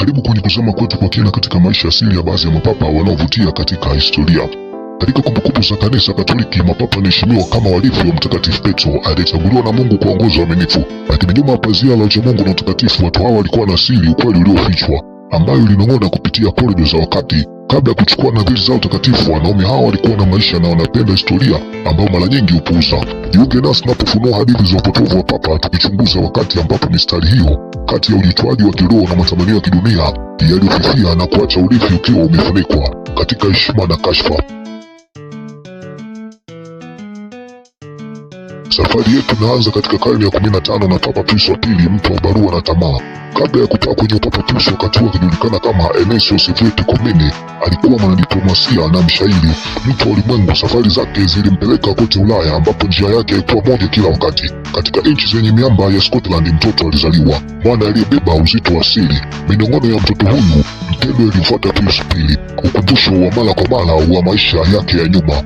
Karibu kwenye kuzama kwetu kwa kina katika maisha asili ya baadhi ya mapapa wanaovutia katika historia. Katika kumbukumbu za kanisa Katoliki, mapapa anaheshimiwa kama walivyo wa Mtakatifu Petro aliyechaguliwa na Mungu kuongoza aminifu Lakini nyuma ya pazia la mungu na utakatifu, watu hawa walikuwa na asili, ukweli uliofichwa, ambayo ilinong'ona kupitia korido za wakati. Kabla ya kuchukua nadhiri zao takatifu, wanaume hawa walikuwa na maisha na wanapenda historia ambayo mara nyingi hupuuza. Jiunge nasi tunapofunua hadithi za upotovu wa Papa, tukichunguza wakati ambapo mistari hiyo kati ya ujitwaji wa kiroho na matamanio ya kidunia yaliyofifia na kuacha urithi ukiwa umefunikwa katika heshima na kashfa. Safari yetu inaanza katika karne ya 15 na Papa Pius wa Pili, mtu wa barua na tamaa. Kabla ya kutaka kwenye upapatusi wakati huo akijulikana kama Enesio Sovieti Komene, alikuwa mwanadiplomasia na mshairi, mtu wa ulimwengu. Safari zake zilimpeleka kote Ulaya, ambapo njia yake ilikuwa moja kila wakati. Katika nchi zenye miamba ya Scotland, mtoto alizaliwa, mwana aliyebeba uzito wa siri. Minong'ono ya mtoto huyu mtendo ilifuata tu pili, ukumbusho wa mara kwa mara wa maisha yake ya nyuma.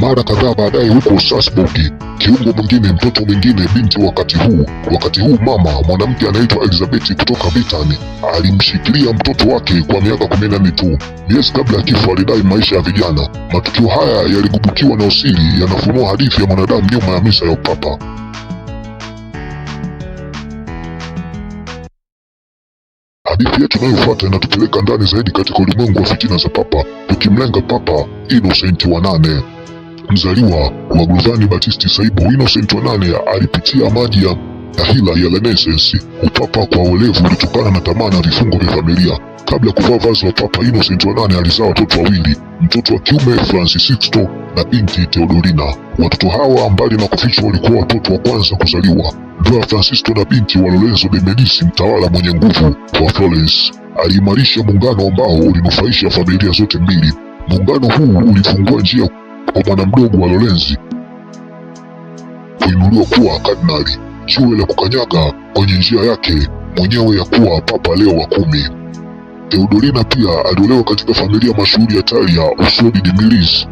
Mara kadhaa baadaye huko sasburgi kiungo mwingine, mtoto mwingine, binti. Wakati huu wakati huu mama mwanamke anaitwa Elizabeth kutoka Britain alimshikilia mtoto wake kwa miaka 14 tu. Miezi kabla ya kifo alidai maisha ya vijana. Matukio haya yaligubukiwa na usiri, yanafunua hadithi ya mwanadamu nyuma ya misa ya upapa. Hadithi yetu inayofuata inatupeleka ndani zaidi katika ulimwengu wa fitina za papa, tukimlenga Papa Innocent wa nane mzaliwa wa Giovanni Batisti Saibo Innocent wa nane alipitia maji ya tahila ya Renaissance. Upapa kwa olevu ulitokana na tamaa na vifungo vya familia. Kabla ya kuvaa vazi la papa, Innocent wa nane alizaa watoto wawili, mtoto wa kiume Sixto na binti Theodorina. Watoto hawa mbali na kufichwa, walikuwa watoto wa kwanza kuzaliwa. Ndoa ya Francisco na binti wa Lorenzo de Medici, mtawala mwenye nguvu wa Florence. Aliimarisha muungano ambao ulinufaisha familia zote mbili. Muungano huu ulifungua njia kwa bwana mdogo wa Lorenzi kuinuliwa kuwa kardinali, jiwe la kukanyaga kwenye njia yake mwenyewe ya kuwa Papa Leo wa kumi. Theodorina pia aliolewa katika familia mashuhuri ya Italia, usodi di Milis,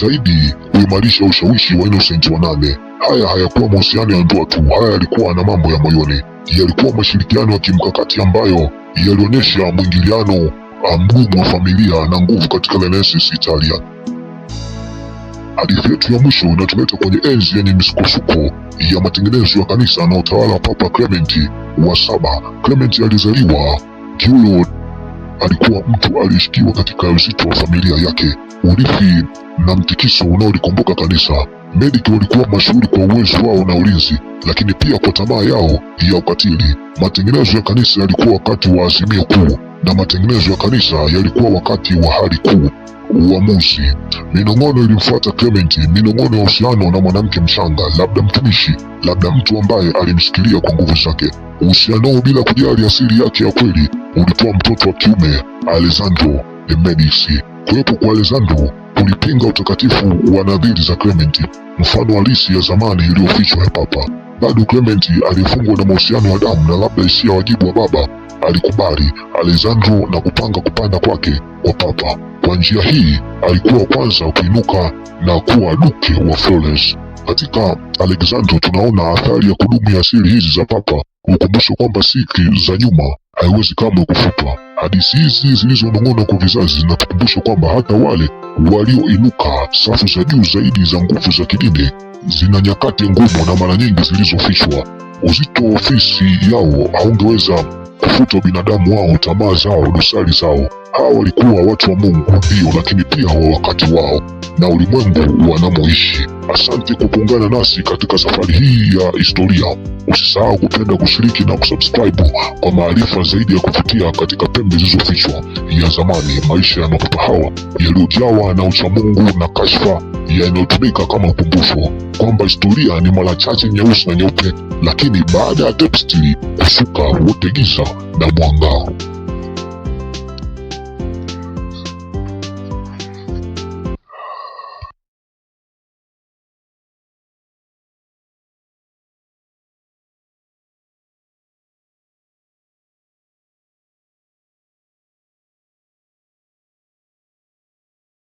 zaidi kuimarisha ushawishi wa Innocent wa nane. Haya hayakuwa mahusiano ya ndoa tu, haya yalikuwa na mambo ya moyoni, yalikuwa mashirikiano ya kimkakati ambayo yalionyesha mwingiliano mgumu wa familia na nguvu katika Renaissance Italia. Hadithi yetu ya mwisho inatuleta kwenye enzi yenye misukosuko ya matengenezo ya kanisa na utawala wa Papa Clementi wa saba. Clementi alizaliwa Giulo, alikuwa mtu aliyeshikiwa katika uzito wa familia yake, urithi na mtikiso unaolikumbuka kanisa. Mediki walikuwa mashuhuri kwa uwezo wao na ulinzi, lakini pia kwa tamaa yao ya ukatili. Matengenezo ya kanisa yalikuwa wakati wa azimio kuu, na matengenezo ya kanisa yalikuwa wakati wa hali kuu. Uamuzi. Minong'ono ilimfuata Clement, minong'ono ya uhusiano na mwanamke mchanga, labda mtumishi, labda mtu ambaye alimshikilia kwa nguvu zake. Uhusiano bila kujali asili yake ya kweli ulitoa mtoto wa kiume Alessandro de Medici. Kuwepo kwa Alessandro kulipinga utakatifu wa nadhiri za Clement, mfano halisi ya zamani iliyofichwa ya Papa. Bado Clement alifungwa na mahusiano ya damu na labda hisia wajibu wa baba alikubali Alessandro na kupanga kupanda kwake kwa papa. Kwa njia hii alikuwa kwanza kuinuka na kuwa duke wa Florence. Katika Alessandro tunaona athari ya kudumu ya siri hizi za papa, ukumbusho kwamba siki za nyuma haiwezi kamwe kufutwa. Hadithi hizi zilizonong'ona kwa vizazi zinatukumbusha kwamba hata wale walioinuka safu za juu zaidi za nguvu za kidini zina nyakati ngumu na mara nyingi zilizofichwa. Uzito wa ofisi yao haungeweza kufuta binadamu wao, tamaa zao, dosari zao. Hawa walikuwa watu wa Mungu ndio, lakini pia wa wakati wao na ulimwengu wanamoishi. Asante kwa kuungana nasi katika safari hii ya historia. Usisahau kupenda, kushiriki na kusubscribe kwa maarifa zaidi ya kuvutia katika pembe zilizofichwa ya zamani, maisha ya hawa yaliyojawa na uchamungu na kashfa, yanayotumika kama ukumbusho kwamba historia ni mara chache nyeusi na nyeupe, lakini baada ya tepstili kusuka wote giza na mwanga.